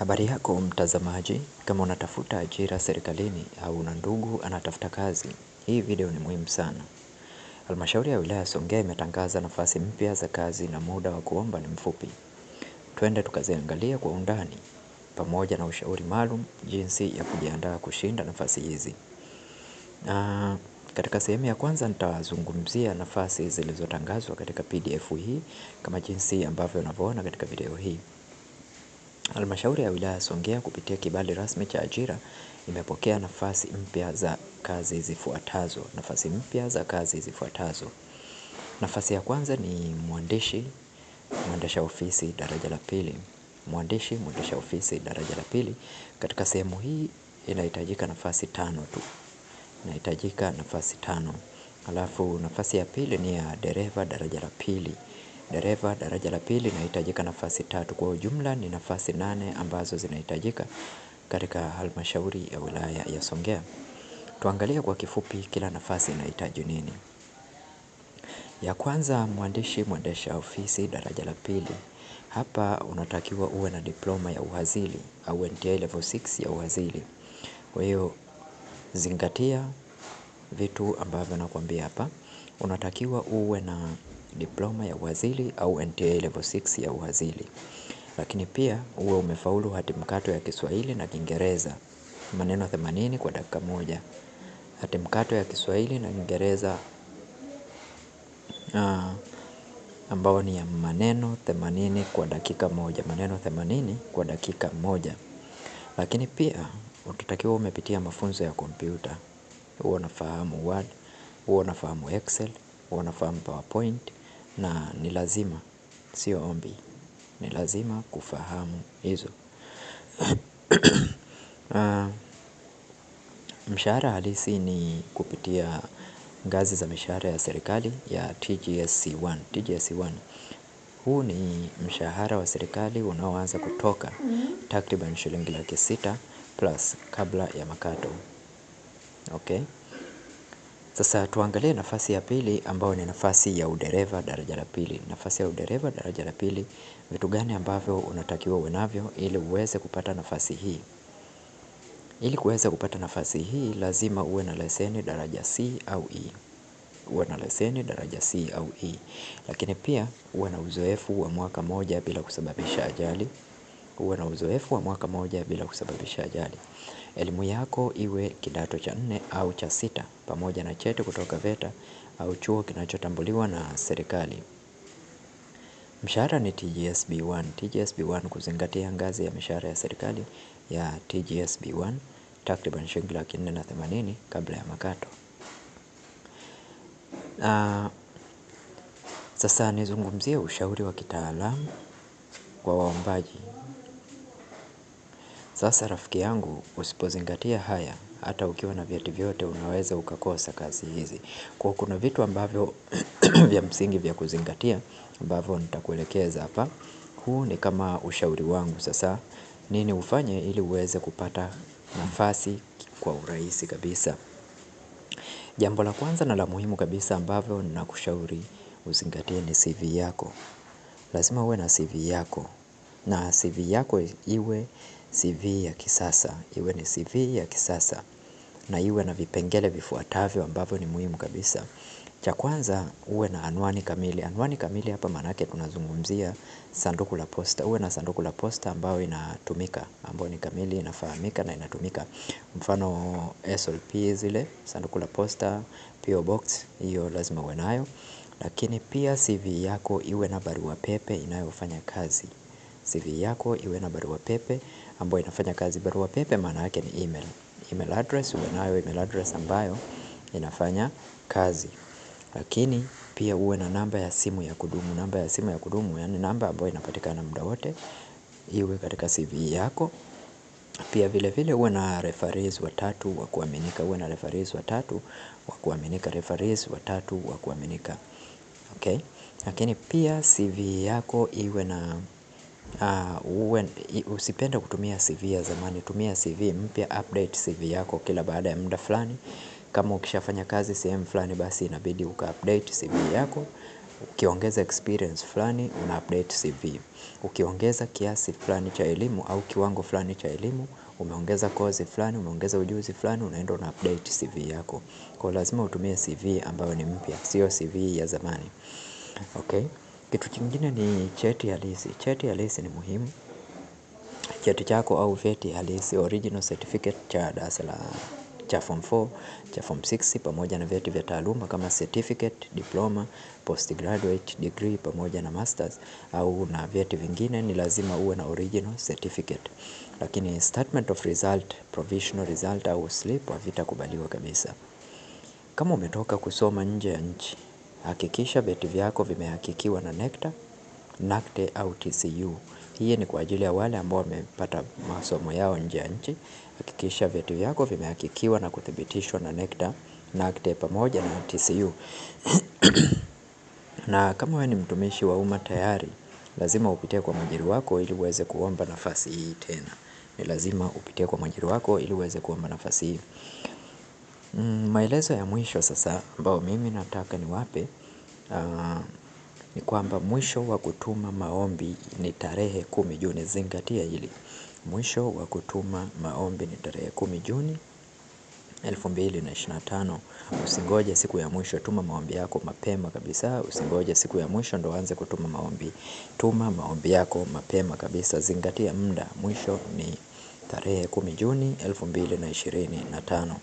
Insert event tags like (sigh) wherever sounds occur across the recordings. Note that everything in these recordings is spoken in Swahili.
Habari yako mtazamaji, kama unatafuta ajira serikalini au una ndugu anatafuta kazi, hii video ni muhimu sana. Halmashauri ya wilaya Songea imetangaza nafasi mpya za kazi na muda wa kuomba ni mfupi. Twende tukaziangalia kwa undani, pamoja na ushauri maalum jinsi ya kujiandaa kushinda nafasi hizi. Na katika sehemu ya kwanza nitazungumzia nafasi zilizotangazwa katika PDF hii kama jinsi ambavyo unavyoona katika video hii. Halmashauri ya wilaya Songea kupitia kibali rasmi cha ajira imepokea nafasi mpya za kazi zifuatazo. Nafasi mpya za kazi zifuatazo. Nafasi ya kwanza ni mwandishi mwendesha ofisi daraja la pili. Mwandishi mwendesha ofisi daraja la pili. Katika sehemu hii inahitajika nafasi tano tu. Inahitajika nafasi tano. alafu nafasi ya pili ni ya dereva daraja la pili. Dereva daraja la pili inahitajika nafasi tatu kwa ujumla ni nafasi nane ambazo zinahitajika katika halmashauri ya wilaya ya Songea. Tuangalie kwa kifupi kila nafasi inahitaji nini. Ya kwanza mwandishi mwendesha ofisi daraja la pili. Hapa unatakiwa uwe na diploma ya uhazili au NTA level 6 ya uhazili. Kwa hiyo zingatia vitu ambavyo nakwambia hapa. Unatakiwa uwe na diploma ya uhazili au NTA level 6 ya uhazili. Lakini pia uwe umefaulu hati mkato ya Kiswahili na Kiingereza maneno 80 kwa dakika moja. Hati mkato ya Kiswahili na Kiingereza ah, ambao ni ya maneno 80 kwa dakika moja. Maneno 80 kwa dakika moja. Lakini pia utatakiwa umepitia mafunzo ya kompyuta. huwa unafahamu Word, huwa unafahamu Excel, huwa unafahamu PowerPoint, na ni lazima, sio ombi, ni lazima kufahamu hizo (clears throat) ah, mshahara halisi ni kupitia ngazi za mishahara ya serikali ya TGSC1 TGSC1 huu ni mshahara wa serikali unaoanza kutoka takriban shilingi laki sita plus kabla ya makato okay? Sasa tuangalie nafasi ya pili ambayo ni nafasi ya udereva daraja la pili. Nafasi ya udereva daraja la pili, vitu gani ambavyo unatakiwa uwe navyo ili uweze kupata nafasi hii? Ili kuweza kupata nafasi hii lazima uwe na leseni daraja C au E. Uwe na leseni daraja C au E, lakini pia uwe na uzoefu wa mwaka moja bila kusababisha ajali uwe na uzoefu wa mwaka moja bila kusababisha ajali. Elimu yako iwe kidato cha nne au cha sita pamoja na cheti kutoka VETA au chuo kinachotambuliwa na serikali. Mshahara ni TGSB1. TGSB1 kuzingatia ngazi ya mishahara ya serikali ya TGSB1 takriban shilingi laki nne na themanini kabla ya makato. Ah, sasa nizungumzie ushauri wa kitaalamu kwa waombaji sasa rafiki yangu usipozingatia haya, hata ukiwa na vyeti vyote unaweza ukakosa kazi hizi. Kwa kuna vitu ambavyo (clears throat) vya msingi vya kuzingatia ambavyo nitakuelekeza hapa. Huu ni kama ushauri wangu sasa nini ufanye ili uweze kupata nafasi kwa urahisi kabisa. Jambo la kwanza na la muhimu kabisa ambavyo nakushauri uzingatie ni CV yako. Lazima uwe na CV yako na CV yako iwe CV ya kisasa. Iwe ni CV ya kisasa na iwe na vipengele vifuatavyo ambavyo ni muhimu kabisa. Cha kwanza uwe na anwani kamili. Anwani kamili hapa manake tunazungumzia sanduku la posta. Uwe na sanduku la posta ambayo inatumika ambayo ni kamili inafahamika na inatumika. Mfano SLP zile sanduku la posta PO Box hiyo lazima uwe nayo. Lakini pia CV yako iwe na barua pepe inayofanya kazi. CV yako iwe na barua pepe ambayo inafanya kazi. Barua pepe maana yake ni email. Email address, uwe nayo email address ambayo inafanya kazi. Lakini pia uwe na namba ya simu ya kudumu. Namba ya simu ya kudumu, yani namba ambayo inapatikana muda wote. Iwe katika CV yako. Pia vile vile uwe na referees watatu wa kuaminika. Uwe na referees watatu wa kuaminika. Referees watatu wa kuaminika. Okay? Lakini pia CV yako iwe na. Uh, usipende kutumia CV ya zamani, tumia CV mpya update CV yako kila baada ya muda fulani kama ukishafanya kazi sehemu fulani basi inabidi uka update CV yako Ukiongeza experience fulani, una update CV Ukiongeza kiasi fulani cha elimu au kiwango fulani cha elimu Umeongeza kozi fulani, umeongeza ujuzi fulani, unaenda una update CV yako Kwa lazima utumie CV ambayo ni mpya, sio CV ya zamani. Kitu kingine ni cheti halisi. Cheti halisi ni muhimu. Cheti chako au vyeti halisi original certificate cha darasa la cha form 4, cha form 6 pamoja na vyeti vya taaluma kama certificate, diploma, postgraduate degree pamoja na masters au na vyeti vingine ni lazima uwe na original certificate. Lakini statement of result, provisional result au slip havitakubaliwa kabisa. Kama umetoka kusoma nje ya nchi Hakikisha vyeti vyako vimehakikiwa na NECTA, NACTE au TCU. Hii ni kwa ajili ya wale ambao wamepata masomo yao nje ya nchi. Hakikisha vyeti vyako vimehakikiwa na kuthibitishwa na NECTA, NACTE pamoja na TCU. (clears throat) Na kama wewe ni mtumishi wa umma tayari, lazima upitie kwa mwajiri wako ili uweze kuomba nafasi hii tena. Ni lazima upitie kwa mwajiri wako ili uweze kuomba nafasi hii. Mm, maelezo ya mwisho sasa ambao mimi nataka niwape ah, ni kwamba mwisho wa kutuma maombi ni tarehe kumi juni zingatia hili. Mwisho wa kutuma maombi ni tarehe kumi juni tano. Usingoje siku ya mwisho tuma maombi yako mapema kabisa Usingoje siku ya mwisho ndo uanze kutuma maombi Tuma maombi yako mapema kabisa zingatia mda mwisho ni tarehe kumi juni tano.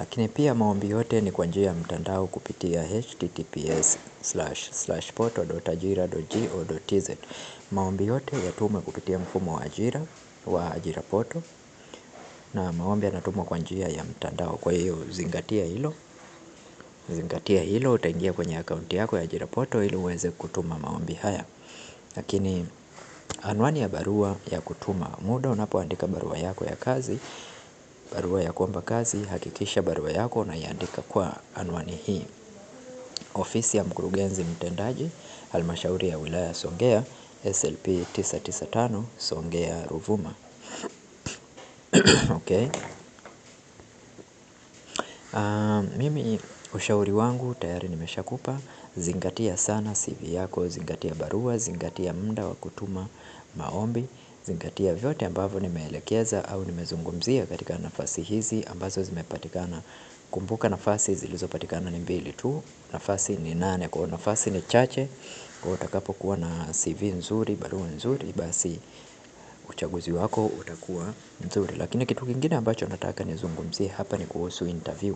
Lakini pia maombi yote ni kwa njia ya mtandao kupitia https://portal.ajira.go.tz. Maombi yote yatumwe kupitia mfumo wa ajira wa ajira portal na maombi yanatumwa kwa njia ya mtandao kwa hiyo zingatia hilo. Zingatia hilo utaingia kwenye akaunti yako ya ajira portal ili uweze kutuma maombi haya. Lakini anwani ya barua ya kutuma muda unapoandika barua yako ya kazi Barua ya kuomba kazi, hakikisha barua yako unaiandika kwa anwani hii. Ofisi ya mkurugenzi mtendaji, halmashauri ya wilaya Songea, SLP 995, Songea Ruvuma. (coughs) Okay. Uh, mimi ushauri wangu tayari nimeshakupa, zingatia sana CV yako, zingatia barua, zingatia muda wa kutuma maombi zingatia vyote ambavyo nimeelekeza au nimezungumzia katika nafasi hizi ambazo zimepatikana. Kumbuka nafasi zilizopatikana ni mbili tu, nafasi ni nane kwa nafasi ni chache. Kwa utakapokuwa na CV nzuri, barua nzuri, basi uchaguzi wako utakuwa nzuri. Lakini kitu kingine ambacho nataka nizungumzie hapa ni kuhusu interview.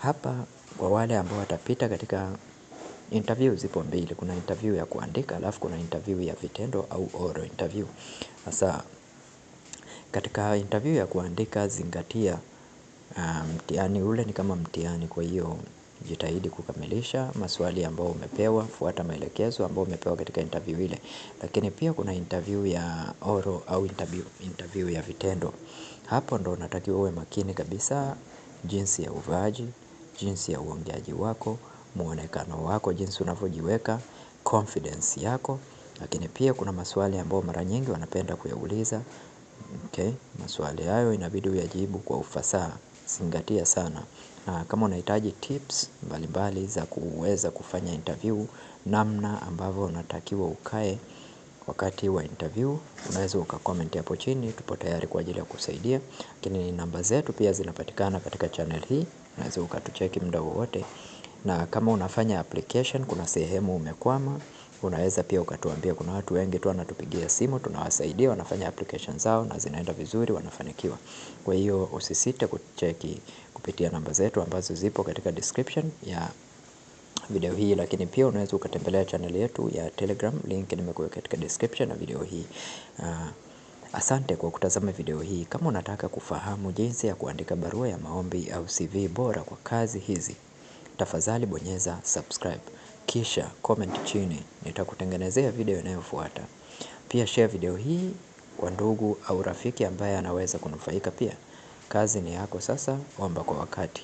Hapa kwa wale ambao watapita katika Interview zipo mbili, kuna interview ya kuandika alafu kuna interview ya vitendo au oral interview. Hasa katika interview ya kuandika zingatia ah, mtihani ule ni kama mtihani kwa hiyo jitahidi kukamilisha maswali ambao umepewa, fuata maelekezo ambao umepewa katika interview ile. Lakini pia kuna interview ya oro au interview ya vitendo. Hapo ndo unatakiwa uwe makini kabisa, jinsi ya uvaaji, jinsi ya uongeaji wako muonekano wako, jinsi unavyojiweka, confidence yako. Lakini pia kuna maswali ambayo mara nyingi wanapenda kuyauliza okay. Maswali hayo inabidi uyajibu kwa ufasaha, zingatia sana na kama unahitaji tips mbalimbali za kuweza kufanya interview, namna ambavyo unatakiwa ukae wakati wa interview, unaweza ukakomenti hapo chini, tupo tayari kwa ajili ya kusaidia. Lakini namba zetu pia zinapatikana katika channel hii, unaweza ukatucheki muda wowote na kama unafanya application, kuna sehemu umekwama, unaweza pia ukatuambia kuna watu wengi tu wanatupigia simu, tunawasaidia, wanafanya application zao na zinaenda vizuri, wanafanikiwa. Kwa hiyo usisite kucheki kupitia namba zetu ambazo zipo katika description ya video hii lakini pia unaweza ukatembelea channel yetu ya Telegram link nimekuwa katika description na video hii. Uh, asante kwa kutazama video hii. Kama unataka kufahamu jinsi ya kuandika barua ya maombi au CV bora kwa kazi hizi Tafadhali bonyeza subscribe. Kisha comment chini, nitakutengenezea video inayofuata. Pia share video hii kwa ndugu au rafiki ambaye anaweza kunufaika pia. Kazi ni yako sasa, omba kwa wakati.